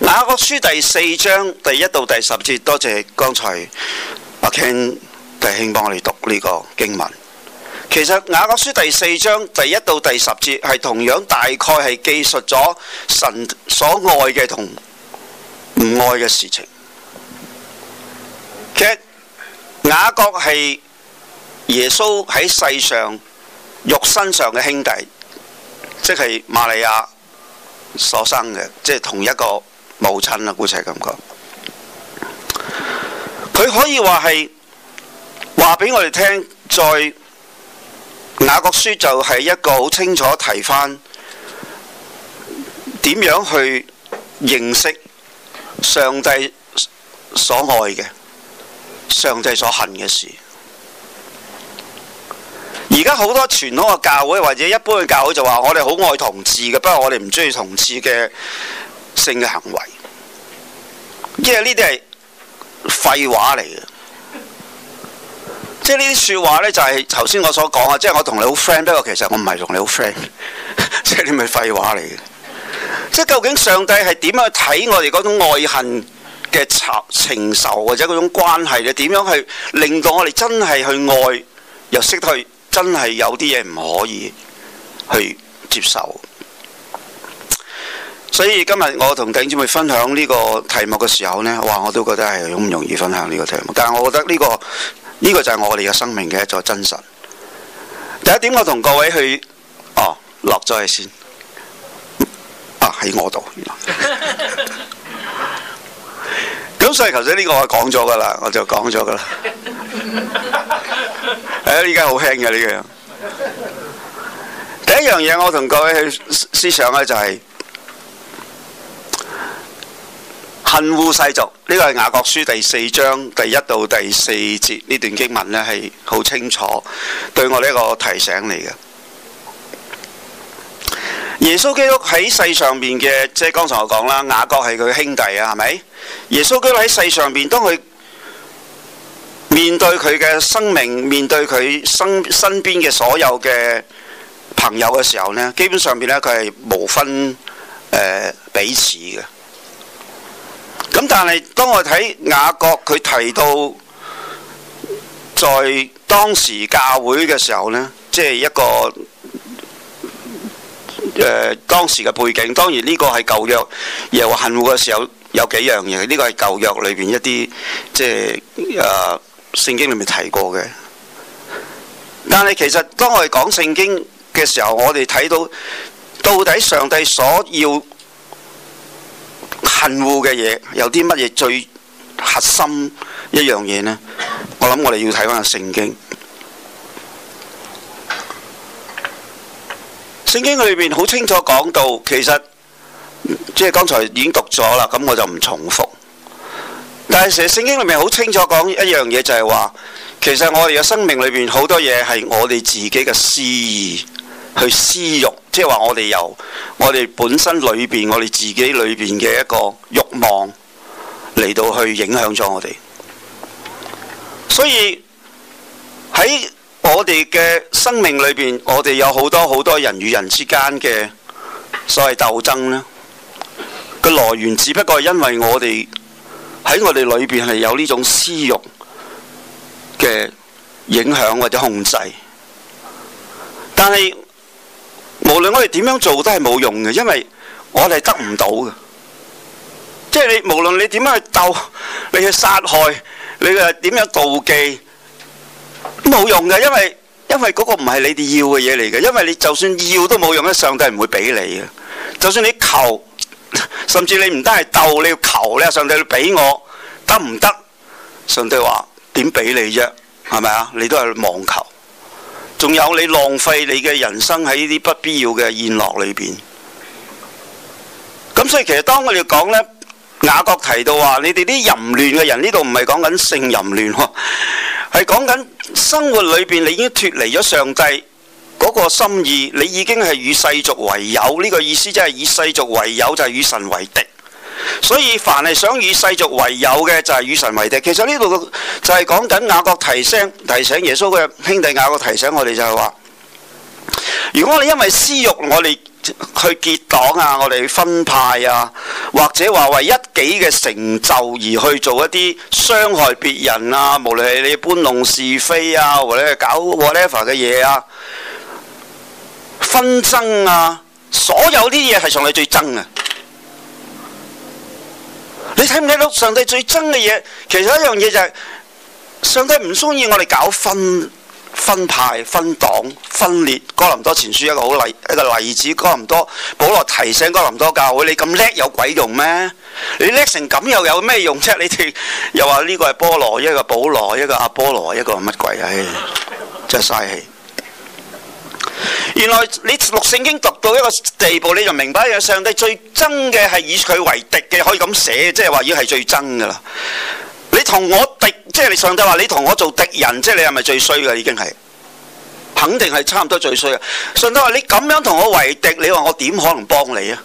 雅各書第四章第一到第十節，多謝剛才阿卿弟兄幫我哋讀呢個經文。其實雅各書第四章第一到第十節係同樣大概係記述咗神所愛嘅同唔愛嘅事情。其實雅各係耶穌喺世上肉身上嘅兄弟，即係瑪利亞所生嘅，即係同一個。母親啦，姑且係咁講。佢可以話係話俾我哋聽，在雅各書就係一個好清楚提翻點樣去認識上帝所愛嘅、上帝所恨嘅事。而家好多傳統嘅教會或者一般嘅教會就話：我哋好愛同志嘅，不過我哋唔中意同志嘅。性嘅行為，因為呢啲係廢話嚟嘅，即係呢啲説話呢，就係頭先我所講啊，即係我同你好 friend 不過其實我唔係同你好 friend， 即係你咪廢話嚟嘅。即係究竟上帝係點樣睇我哋嗰種愛恨嘅情情仇或者嗰種關係嘅？點樣去令到我哋真係去愛，又識得去真係有啲嘢唔可以去接受？所以今日我同弟姐妹分享呢個題目嘅時候呢，哇！我都覺得係好唔容易分享呢個題目。但係我覺得呢、呢個呢、呢個就係我哋嘅生命嘅一座真實。第一點，我同各位去落咗去先喺、啊、我度。咁 所以頭先呢個我講咗噶啦，我就講咗噶啦。誒、 哎，依家好輕嘅呢樣。第一樣嘢，我同各位去思想呢就係、是。恨污世俗，呢個係雅各書第四章第一到第四節呢段經文呢係好清楚對我呢個提醒嚟嘅。耶穌基督喺世上面嘅，即係剛才我講啦，雅各係佢兄弟啊，係咪？耶穌基督喺世上面，當佢面對佢嘅生命，面對佢身身邊嘅所有嘅朋友嘅時候呢，基本上面呢，佢係無分彼此嘅。咁但係當我睇雅各佢提到在當時教會嘅時候呢，即係一個誒、呃、當時嘅背景。當然呢個係舊約又話恨惡嘅時候有幾樣嘢，呢個係舊約裏邊一啲即係誒聖經裏面提過嘅。但係其實當我哋講聖經嘅時候，我哋睇到到底上帝所要，恨惡嘅嘢有啲乜嘢，最核心一樣嘢呢？我諗我哋要睇翻聖經。聖經裏邊好清楚講到，其實即係剛才已經讀咗啦，咁我就唔重複。但係聖經裏面好清楚講一樣嘢，就係、是、話，其實我哋嘅生命裏邊好多嘢係我哋自己嘅私去私欲，即係話我哋由我哋本身裏邊，我哋自己裏邊嘅一個欲望嚟到去影響咗我哋，所以喺我哋嘅生命裏邊，我哋有好多好多人與人之間嘅所謂鬥爭，呢個來源只不過係因為我哋喺我哋裏邊係有呢種私欲嘅影響或者控制，但係，無論我哋點樣做都係冇用嘅，因為我哋得唔到嘅，即係你無論你點樣去鬥，你去殺害，你啊點樣妒忌，都冇用嘅，因為因為嗰個唔係你哋要嘅嘢嚟嘅，因為你就算要都冇用，上帝唔會俾你嘅，就算你求，甚至你唔單係鬥，你要求，你上帝要俾我，得唔得？上帝話點俾你啫？係咪啊？你都係妄求。仲有你浪費你嘅人生喺呢啲不必要嘅宴樂裏邊，咁所以其實當我哋講呢，雅各提到話你哋啲淫亂嘅人呢度唔係講緊性淫亂，哦，係講緊生活裏邊你已經脫離咗上帝嗰個心意，你已經係與世俗為友呢個意思，即係以世俗為友，這個，就係與，就是，神為敵。所以凡係想與世俗為友嘅，就係、是、與神為敵。其實呢度就係講緊雅各提醒、提醒耶穌嘅兄弟雅各提醒我哋就係話，如果你因為私欲，我哋去結黨啊，我哋分派啊，或者話為一己嘅成就而去做一啲傷害別人啊，無論係你搬弄是非啊，或者係搞 whatever 嘅嘢啊，紛爭啊，所有啲嘢係上帝最憎嘅。你睇唔睇到上帝最憎嘅嘢？其實一樣嘢就係、是、上帝唔中意我哋搞分分派、分黨、分裂。哥林多前書一個好例，一個例子。哥林多保羅提醒哥林多教會：你咁叻有鬼用咩？你叻成咁又有咩用啫？你哋又話呢個係菠羅，一個保羅，一個阿波羅，一個係乜鬼啊、哎？真係嘥氣。原來你讀聖經讀到一個地步，你就明白上帝最憎嘅係以佢為敵嘅，可以咁寫，即係話已經係最憎噶啦。你同我敵，即係你上帝話你同我做敵人，即係你係咪最衰噶？已經係，肯定係差唔多最衰噶。上帝話你咁樣同我為敵，你話我點可能幫你啊？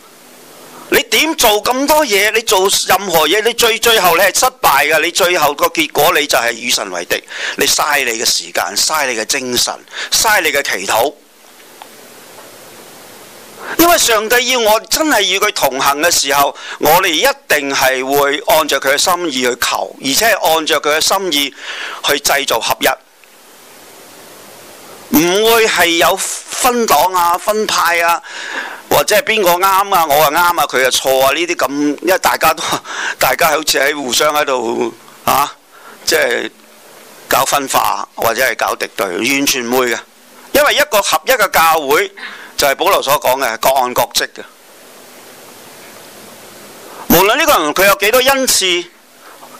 你點做咁多嘢？你做任何嘢，你最最後你係失敗噶。你最後個結果你就係以神為敵，你嘥你嘅時間，嘥你嘅精神，嘥你嘅祈禱。因為上帝要我真係與佢同行嘅時候，我哋一定係會按照佢嘅心意去求，而且係按照佢嘅心意去製造合一，唔會係有分黨啊、分派啊，或者係邊個啱啊、我啊啱啊、佢啊錯啊呢啲咁，因為大家都大家好似喺互相喺度啊，即係搞分化或者係搞敵對，完全唔會嘅。因為一個合一嘅教會，就係保羅所講嘅，各按各職嘅。無論呢個人佢有幾多恩賜，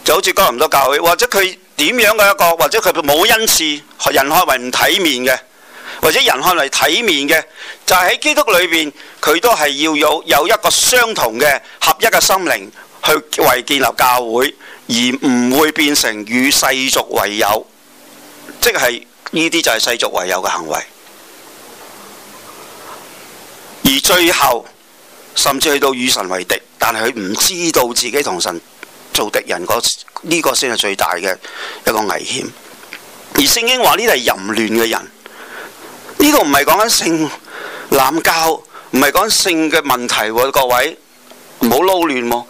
就好似哥林多教會，或者佢點樣嘅一個，或者佢冇恩賜，人看為唔體面嘅，或者人看為體面嘅，就係喺基督裏邊，佢都係要有有一個相同嘅合一嘅心靈，去為建立教會，而唔會變成與世俗為友，即係。呢啲就係世俗為友嘅行為，而最後甚至去到與神為敵，但係佢唔知道自己同神做敵人，這個呢個先係最大嘅一個危險。而聖經話呢啲係淫亂嘅人，呢個唔係講緊性濫交，唔係講性嘅問題啊，各位唔好撈亂。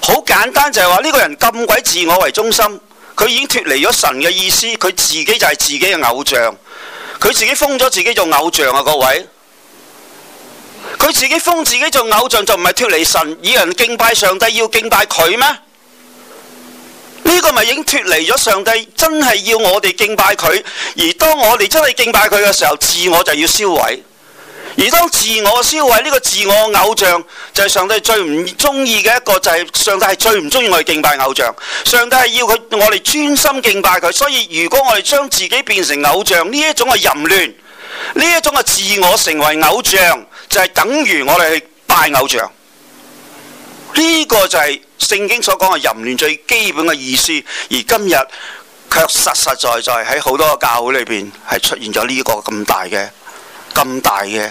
好簡單，就係話呢個人咁鬼自我為中心。佢已經脫離咗神嘅意思，佢自己就係自己嘅偶像，佢自己封咗自己做偶像啊！各位，佢自己封自己做偶像就唔係脫離神，以人敬拜上帝要敬拜佢咩？呢個咪已經脫離咗上帝？真係要我哋敬拜佢，而當我哋真係敬拜佢嘅時候，自我就要銷毀。而當自我消毀呢，這個自我偶像，就係、是、上帝最唔中意嘅一個，就係、是、上帝係最唔中意我哋敬拜偶像。上帝係要佢我哋專心敬拜佢，所以如果我哋將自己變成偶像，呢一種嘅淫亂，呢一種嘅自我成為偶像，就係、是、等於我哋去拜偶像。呢，這個就係聖經所講嘅淫亂最基本嘅意思，而今日卻實實在在喺好多個教會裏邊係出現咗呢個咁大嘅、咁大嘅。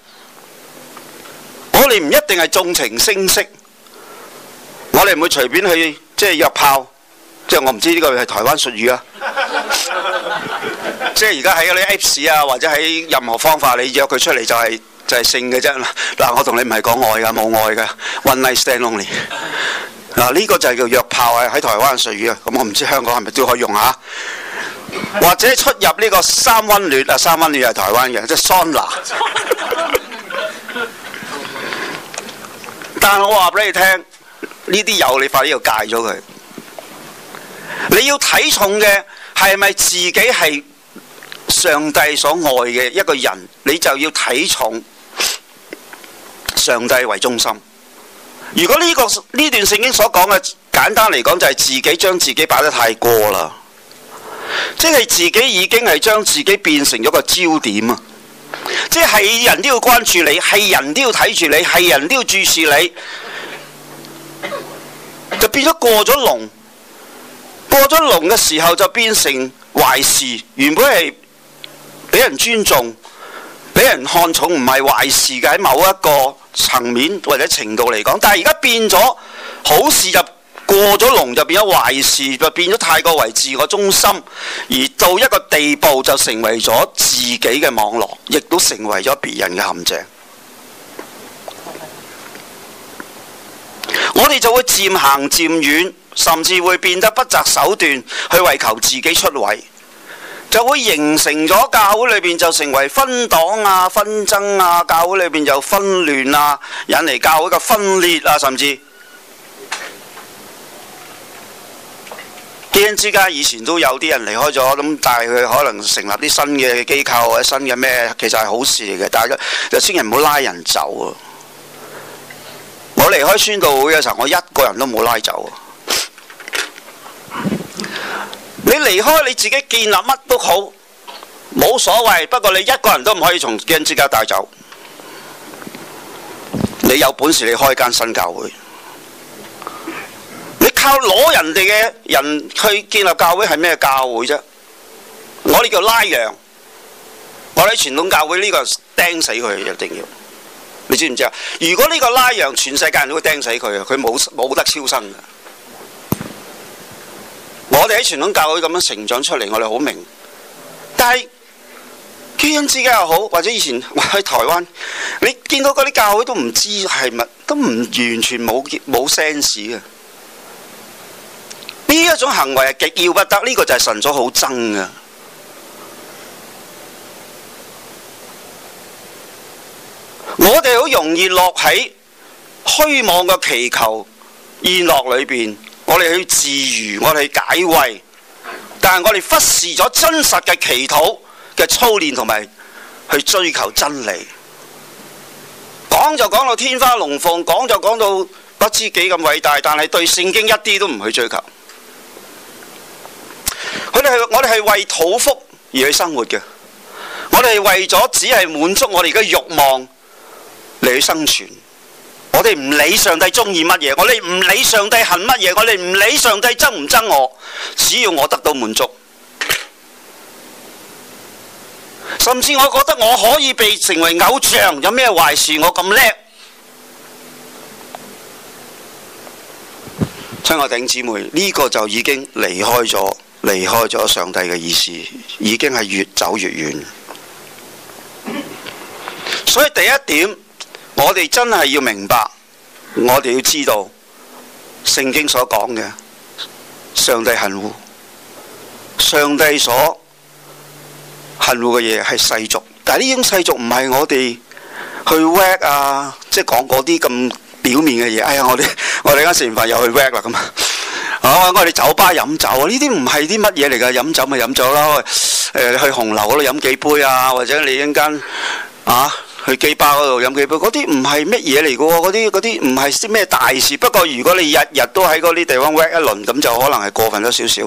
我哋唔一定係縱情聲色，我哋唔會隨便去即係約炮，即係我唔知呢個係台灣術語啊！ 即係而家喺嗰啲 Apps 啊，或者喺任何方法，你約佢出嚟就係、是、就係、是、性嘅啫。嗱，我同你唔係講愛噶，冇愛噶，one night stand only。嗱呢、這個就係叫約炮啊！喺台灣術語啊，咁、嗯、我唔知香港係咪都可以用啊？或者出入呢個三溫暖啊，三溫暖係台灣嘅，即係桑拿。但我話俾你聽，呢啲有你快啲要戒咗佢。你要睇重嘅係咪自己係上帝所愛嘅一個人？你就要睇重上帝為中心。如果呢、這個呢段聖經所講嘅，簡單嚟講就係自己將自己擺得太過啦，即係自己已經係將自己變成咗個焦點嘛。即係人都要關注你，係人都要睇住你，係人都要注視你，就變咗過咗龍。過咗龍嘅時候就變成壞事，原本係俾人尊重、俾人看重唔係壞事嘅。喺某一個層面或者程度嚟講，但係而家變咗好事就。過咗龍就變咗壞事，就變咗太過為自我中心，而到一個地步就成為咗自己嘅網絡，亦都成為咗別人嘅陷阱。我哋就會漸行漸遠，甚至會變得不擇手段去為求自己出位，就會形成咗教會裏邊就成為分黨啊、紛爭啊，教會裏邊就紛亂啊，引嚟教會嘅分裂啊，甚至。基恩之家以前都有啲人離開咗咁，但係佢可能成立啲新嘅機構啊、新嘅咩，其實係好事嚟嘅。但係千祈唔好拉人走啊！我離開宣道會嘅時候，我一個人都冇拉走啊！你離開你自己建立乜都好，冇所謂。不過你一個人都唔可以從基恩之家帶走。你有本事你開間新教會。靠攞人哋嘅人去建立教會係咩教會啫？我哋叫拉羊。我哋傳統教會呢個釘死佢一定要，你知唔知啊？如果呢個拉羊，全世界人都會釘死佢啊！佢冇冇得超生噶。我哋喺傳統教會咁樣成長出嚟，我哋好明。但係基恩之家又好，或者以前我喺台灣，你見到嗰啲教會都唔知係乜，都唔完全冇冇 sense 嘅。一種行為係極要不得，呢、這個就係神所好憎㗎。我哋好容易落喺虛妄嘅祈求、宴樂裏邊，我哋去自如，我哋去解慰，但係我哋忽視咗真實嘅祈禱嘅操練，同埋去追求真理。講就講到天花龍鳳，講就講到不知幾咁偉大，但係對聖經一啲都唔去追求。佢哋係，我哋係為肚腹而去生活嘅，我哋為咗只係滿足我哋嘅慾望嚟去生存。我哋唔理上帝中意乜嘢，我哋唔理上帝恨乜嘢，我哋唔理上帝憎唔憎我，只要我得到滿足。甚至我覺得我可以被成為偶像，有咩壞事？我咁叻，親愛頂姊妹，呢、這個就已經離開咗。離開咗上帝嘅意思，已經係越走越遠。所以第一點，我哋真係要明白，我哋要知道聖經所講嘅上帝恨惡，上帝所恨惡嘅嘢係世俗。但係呢種世俗唔係我哋去 work 啊，即係講嗰啲咁表面嘅嘢。哎呀，我哋我哋而家食完飯又去 work 啦咁。啊、我我哋酒吧飲酒，呢啲唔係啲乜嘢嚟㗎，飲酒咪飲酒咯。誒、呃，去紅樓嗰度飲幾杯啊，或者你一間啊，去幾巴嗰度飲幾杯，嗰啲唔係乜嘢嚟㗎喎，嗰啲啲唔係啲咩大事。不過如果你日日都喺嗰啲地方 work 一輪，咁就可能係過分咗少少。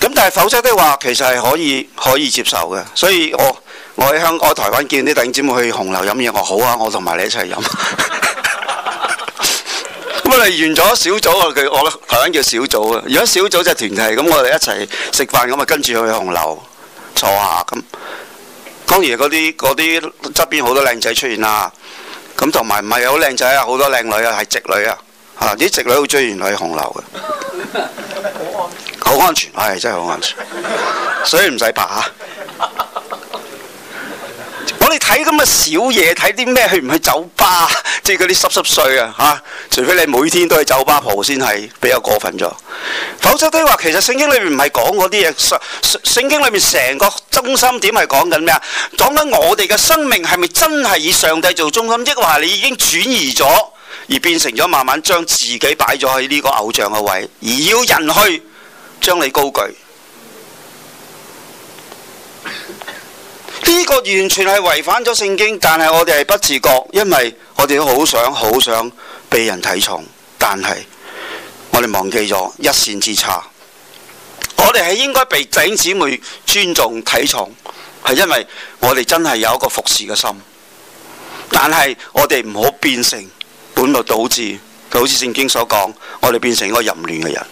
咁但係否則的話，其實係可以可以接受嘅。所以我我喺香港、我喺台灣見啲弟兄姊妹去紅樓飲嘢，我好啊，我同埋你一齊飲。 因為完咗小組啊，佢我頭揾叫小組啊。如果小組就團體咁，我哋一齊食飯咁啊，跟住去紅樓坐下咁。當然嗰啲啲側邊好多靚仔出現啦。咁同埋唔係有好靚仔啊，好多靚女啊，係直女啊，嚇啲直女好鍾意喺紅樓嘅，好 安全，係真係好安全，所以唔使怕。嚇。 我哋睇咁嘅小嘢，睇啲咩去唔去酒吧？即係嗰啲濕濕碎啊！吓，除非你每天都去酒吧蒲，先係比較過分咗。否則都話，其實聖經裏面唔係講嗰啲嘢。聖聖經裏面成個中心點係講緊咩啊？講緊我哋嘅生命係咪真係以上帝做中心？即係話你已經轉移咗，而變成咗慢慢將自己擺咗喺呢個偶像嘅位，而要人去將你高舉。呢個完全係違反咗聖經，但係我哋係不自覺，因為我哋都好想好想被人睇重，但係我哋忘記咗一線之差。我哋係應該被弟兄姊妹尊重睇重，係因為我哋真係有一個服侍嘅心，但係我哋唔好變成本末倒置，就好似聖經所講，我哋變成一個淫亂嘅人。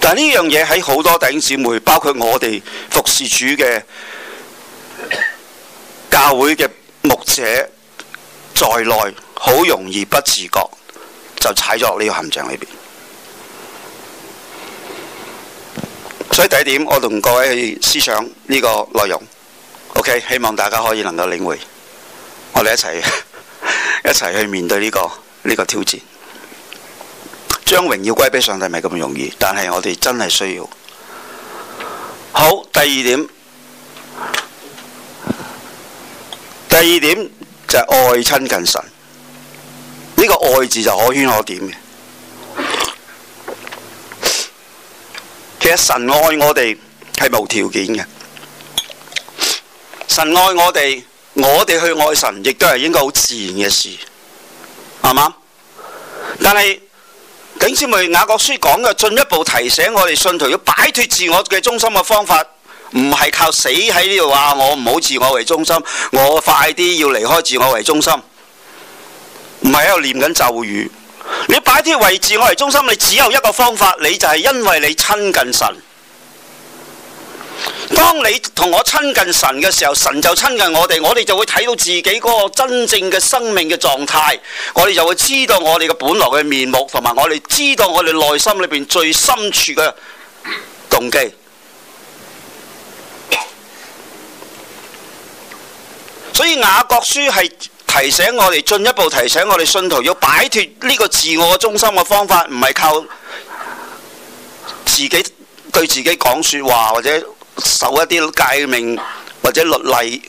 但係呢樣嘢喺好多弟兄姊妹，包括我哋服侍主嘅。教會嘅牧者在內，好容易不自覺就踩咗呢個陷阱裏邊。所以第一點，我同各位去思想呢個內容，OK，希望大家可以能夠領會，我哋一齊 一齊去面對呢個呢個挑戰，將榮耀歸俾上帝，唔係咁容易，但係我哋真係需要。好，第二點。第二點就係、是，愛親近神，呢、這個愛字就可圈可點嘅。其實神愛我哋係無條件嘅，神愛我哋，我哋去愛神亦都係應該好自然嘅事，係嘛？但係景小梅雅各書講嘅進一步提醒我哋，信徒要擺脫自我嘅中心嘅方法。唔係靠死喺呢度話，我唔好自我為中心，我快啲要離開自我為中心。唔係喺度念緊咒語。你擺脫為自我為中心，你只有一個方法，你就係因為你親近神。當你同我親近神嘅時候，神就親近我哋，我哋就會睇到自己嗰個真正嘅生命嘅狀態，我哋就會知道我哋嘅本來嘅面目，同埋我哋知道我哋內心裏邊最深處嘅動機。所以雅各書係提醒我哋，進一步提醒我哋信徒要擺脱呢個自我中心嘅方法，唔係靠自己對自己講説話，或者守一啲誡命或者律例，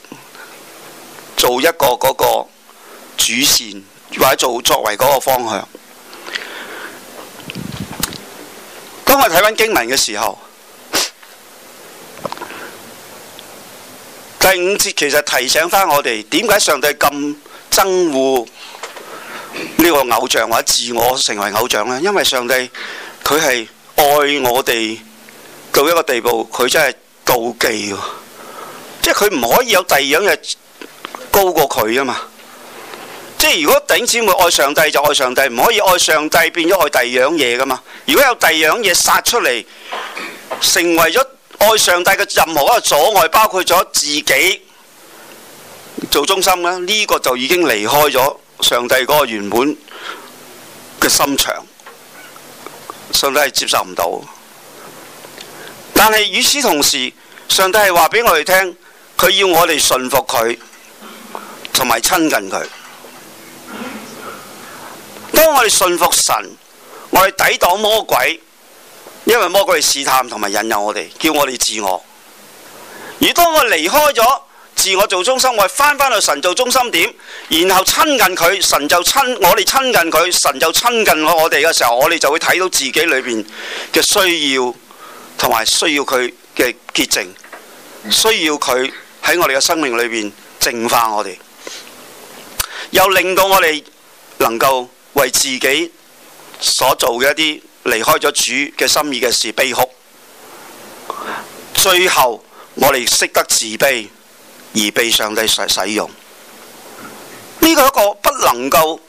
做一個嗰個主線，或者做作為嗰個方向。當我睇翻經文嘅時候，第五節其實提醒翻我哋點解上帝咁憎惡呢個偶像或者自我成為偶像呢？因為上帝佢係愛我哋到一個地步，佢真係妒忌喎。即係佢唔可以有第二樣嘢高過佢啊嘛！即係如果弟兄姊妹愛上帝就愛上帝，唔可以愛上帝變咗愛第二樣嘢㗎嘛！如果有第二樣嘢殺出嚟，成為咗愛上帝嘅任何一個阻礙，包括咗自己做中心啦，呢、呢個就已經離開咗上帝嗰個原本嘅心腸，上帝係接受唔到。但係與此同時，上帝係話俾我哋聽，佢要我哋信服佢，同埋親近佢。當我哋信服神，我哋抵擋魔鬼。因為魔鬼試探同埋引誘我哋，叫我哋自我。而當我離開咗自我做中心，我翻翻去神做中心點，然後親近佢，神就親我哋親近佢，神就親近我哋嘅時候，我哋就會睇到自己裏邊嘅需要，同埋需要佢嘅潔淨，需要佢喺我哋嘅生命裏邊淨化我哋，又令到我哋能夠為自己所做嘅一啲離開咗主嘅心意嘅事悲哭，最後我哋識得自卑而被上帝使使用，呢個一個不能夠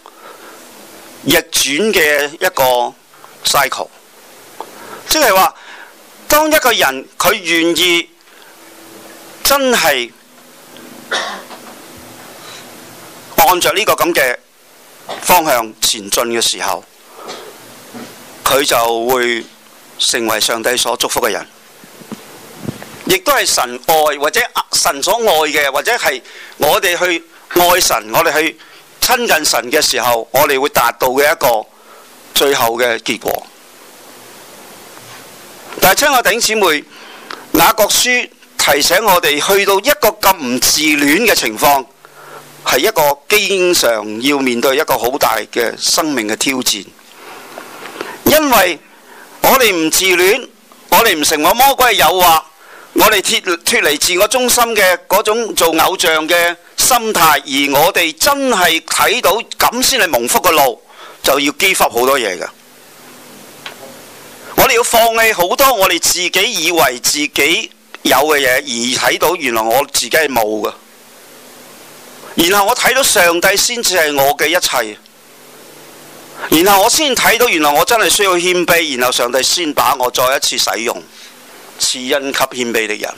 逆轉嘅一個 cycle，即係話當一個人佢願意真係按着呢個咁嘅方向前進嘅時候。佢就會成為上帝所祝福嘅人，亦都係神愛或者神所愛嘅，或者係我哋去愛神，我哋去親近神嘅時候，我哋會達到嘅一個最後嘅結果。但係親愛弟兄姊妹，雅各書提醒我哋，去到一個咁唔自戀嘅情況，係一個經常要面對一個好大嘅生命嘅挑戰。因為我哋唔自戀，我哋唔成為魔鬼嘅誘惑，我哋脱脫離自我中心嘅嗰種做偶像嘅心態，而我哋真係睇到咁先係蒙福嘅路，就要激發好多嘢㗎。我哋要放棄好多我哋自己以為自己有嘅嘢，而睇到原來我自己係冇㗎，然後我睇到上帝先至係我嘅一切。然後我先睇到，原來我真係需要謙卑，然後上帝先把我再一次使用，賜恩給謙卑的人。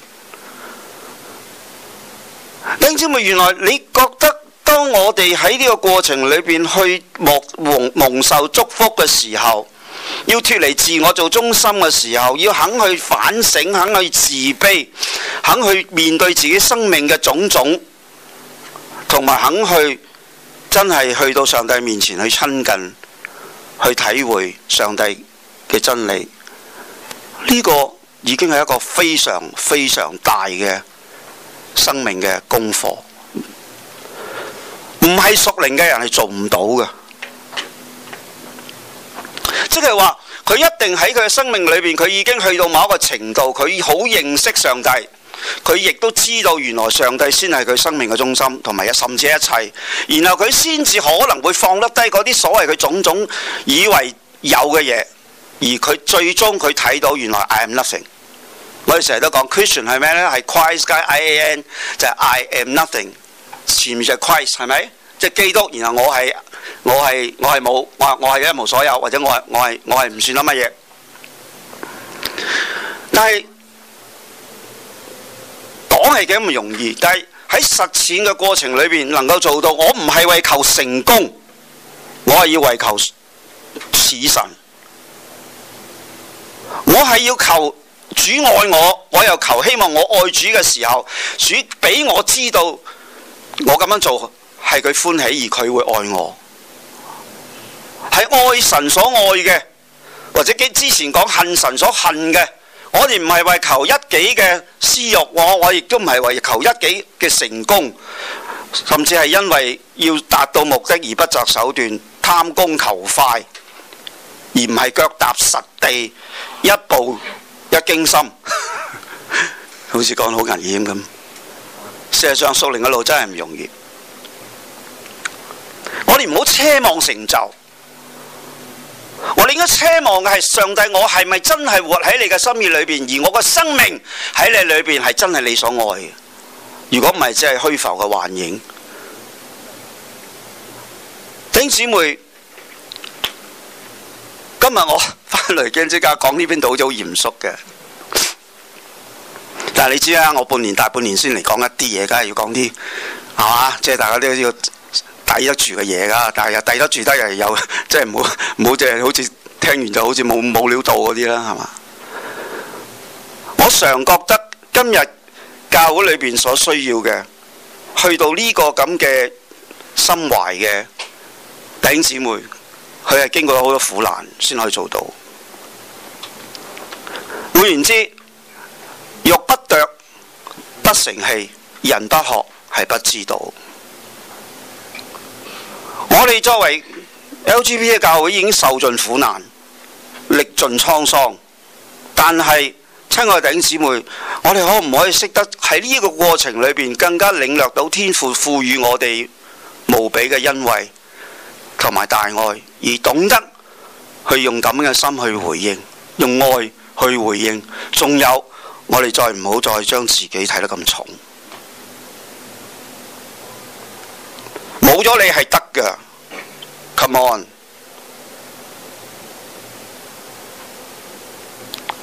丁子妹，原來你覺得當我哋喺呢個過程裏邊去蒙蒙蒙受祝福嘅時候，要脫離自我做中心嘅時候，要肯去反省，肯去自卑，肯去面對自己生命嘅種種，同埋肯去真係去到上帝面前去親近。去體會上帝嘅真理，呢個已經係一個非常非常大嘅生命嘅功課，唔係屬靈嘅人係做唔到嘅。即係話，佢一定喺佢嘅生命裏邊，佢已經去到某一個程度，佢好認識上帝。佢亦都知道原來上帝先係佢生命嘅中心同埋甚至一切，然後佢先至可能會放得低嗰啲所謂佢種種以為有嘅嘢，而佢最終佢睇到原來 I am nothing。我哋成日都講 Christian 係咩呢？係 Christ 加 I A N，就係 I am nothing。前面就係 Christ 係咪？即係基督，然後我係我係我係冇我我係一無所有，或者我係我係我係唔算諗乜嘢。但係。講係幾咁容易，但係喺實踐嘅過程裏邊能夠做到，我唔係為求成功，我係要為求賜神。我係要求主愛我，我又求希望我愛主嘅時候，主俾我知道我咁樣做係佢歡喜，而佢會愛我。係愛神所愛嘅，或者之前講恨神所恨嘅。我哋唔係為求一己嘅私欲，我我亦都唔係為求一己嘅成功，甚至係因為要達到目的而不擇手段、貪功求快，而唔係腳踏實地、一步一驚心。 好似講得好危險咁。事實上，屬靈嘅路真係唔容易。我哋唔好奢望成就。我哋應該奢望嘅係上帝，我係咪真係活喺你嘅心意裏邊？而我嘅生命喺你裏邊係真係你所愛嘅？如果唔係，只係虛浮嘅幻影。弟兄姊妹，今日我返嚟基恩之家講呢篇道好似好嚴肅嘅。但係你知啦，我半年大半年先嚟講一啲嘢，梗係要講啲係嘛，即係、就是、大家都要。抵得住嘅嘢噶，但係又抵得住得又有，即係唔好唔好淨係好似聽完就好似冇冇料到嗰啲啦，係嘛？我常覺得今日教會裡面所需要嘅，去到呢個咁嘅心懷嘅弟兄姊妹，佢係經過咗好多苦難先可以做到。換言之，玉不琢不成器，人不學係不知道。我哋作為 LGBT 嘅教會已經受盡苦難，歷盡滄桑，但係親愛弟兄姊妹，我哋可唔可以識得喺呢個過程裏邊更加領略到天父賦予我哋無比嘅恩惠同埋大愛，而懂得去用咁嘅心去回應，用愛去回應，仲有我哋再唔好再將自己睇得咁重。冇咗你係得嘅，come on，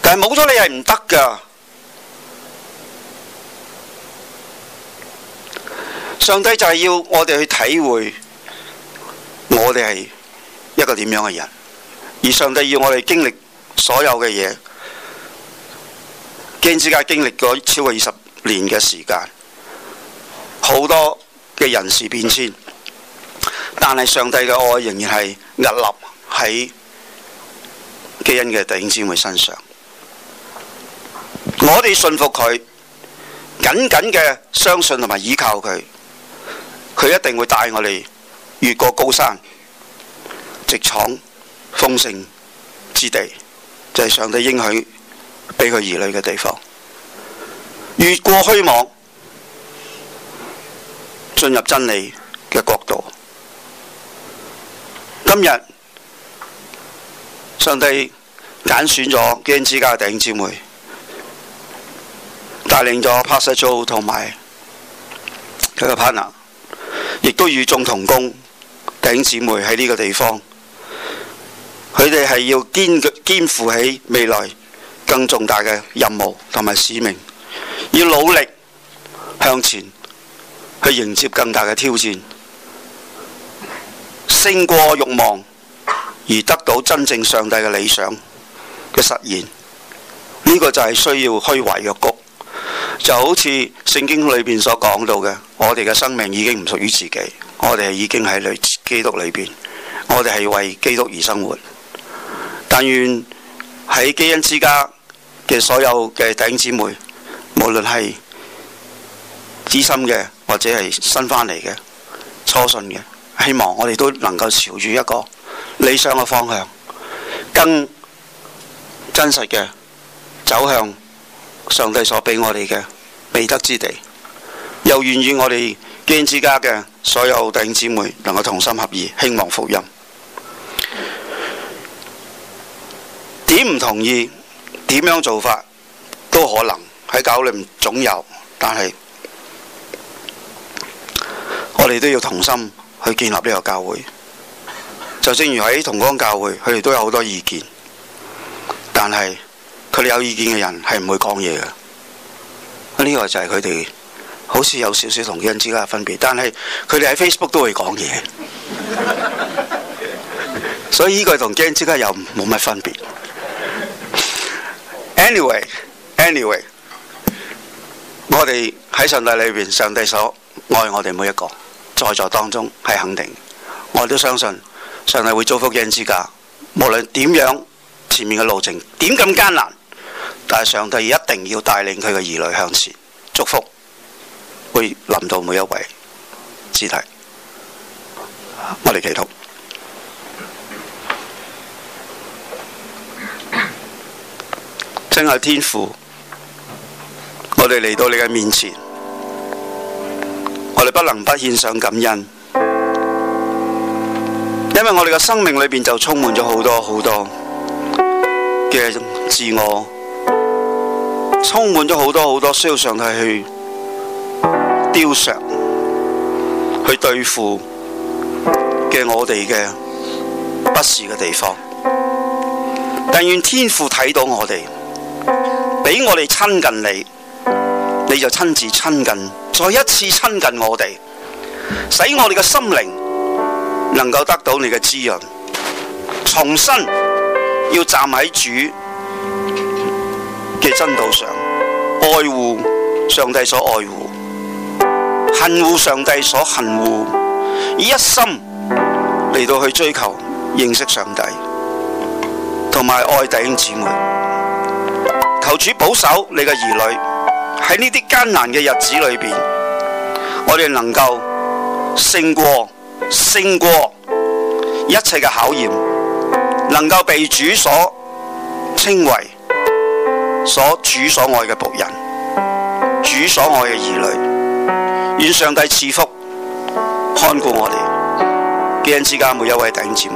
但係冇咗你係唔得嘅。上帝就係要我哋去體會，我哋係一個點樣嘅人，而上帝要我哋經歷所有嘅嘢，基恩之家經歷過超過二十年嘅時間，好多嘅人事變遷。但係上帝嘅愛仍然係屹立喺基恩嘅弟兄姊妹身上，我哋信服佢，緊緊嘅相信同埋倚靠佢，佢一定會帶我哋越過高山，直闖豐盛之地，就係、是、上帝應許俾佢兒女嘅地方。越過虛妄，進入真理嘅國度。今日上帝揀選咗基恩之家嘅弟兄姊妹，帶領咗 Pastor s 同埋佢個 partner 亦都與眾同工。弟兄姊妹喺呢個地方，佢哋係要肩肩負起未來更重大嘅任務同埋使命，要努力向前去迎接更大嘅挑戰。勝過欲望而得到真正上帝嘅理想嘅實現，呢、這個就係需要虛懷若谷。就好似聖經裏邊所講到嘅，我哋嘅生命已經唔屬於自己，我哋已經喺裏基督裏邊，我哋係為基督而生活。但願喺基恩之家嘅所有嘅弟兄姊妹，無論係知心嘅或者係新翻嚟嘅初信嘅。希望我哋都能夠朝住一個理想嘅方向，更真實嘅走向上帝所俾我哋嘅未得之地，又願意我哋基恩之家嘅所有弟兄姊妹能夠同心合意，興旺福音。點唔同意，點樣做法都可能喺教裏唔總有，但係我哋都要同心。去建立呢個教會，就正如喺同江教會，佢哋都有好多意見，但係佢哋有意見嘅人係唔會講嘢嘅。呢、這個就係佢哋好似有少少同基恩之家嘅分別，但係佢哋喺 Facebook 都會講嘢， 所以呢個同基恩之家又冇乜分別。Anyway，Anyway，anyway，我哋喺上帝裏邊，上帝所愛我哋每一個。在座當中係肯定，我都相信上帝會祝福基恩之家無論點樣，前面嘅路程點咁艱難，但係上帝一定要帶領佢嘅兒女向前，祝福會臨到每一位肢體。我哋祈禱，正係 天父，我哋嚟到你嘅面前。我哋不能不獻上感恩，因為我哋嘅生命裏邊就充滿咗好多好多嘅自我，充滿咗好多好多需要上帝去雕塑、去對付嘅我哋嘅不是嘅地方。但願天父睇到我哋，俾我哋親近你，你就親自親近。再一次親近我哋，使我哋嘅心靈能夠得到你嘅滋潤，重新要站喺主嘅真道上，愛護上帝所愛護，恨惡上帝所恨惡，以一心嚟到去追求認識上帝，同埋愛弟兄姊妹，求主保守你嘅兒女。喺呢啲艱難嘅日子裏邊，我哋能夠勝過勝過一切嘅考驗，能夠被主所稱為所主所愛嘅僕人，主所愛嘅兒女。願上帝賜福看顧我哋，基恩之家每一位弟兄姊妹。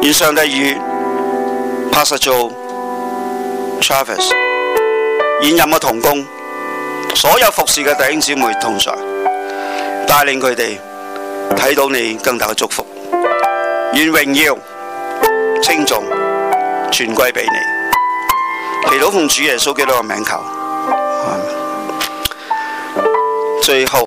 願上帝與 Pastor Travis 以任何同工。所有服侍嘅弟兄姊妹同在，帶領佢哋睇到你更大嘅祝福，願榮耀、稱頌全歸俾你，祈禱奉主耶穌基督嘅名求，最後。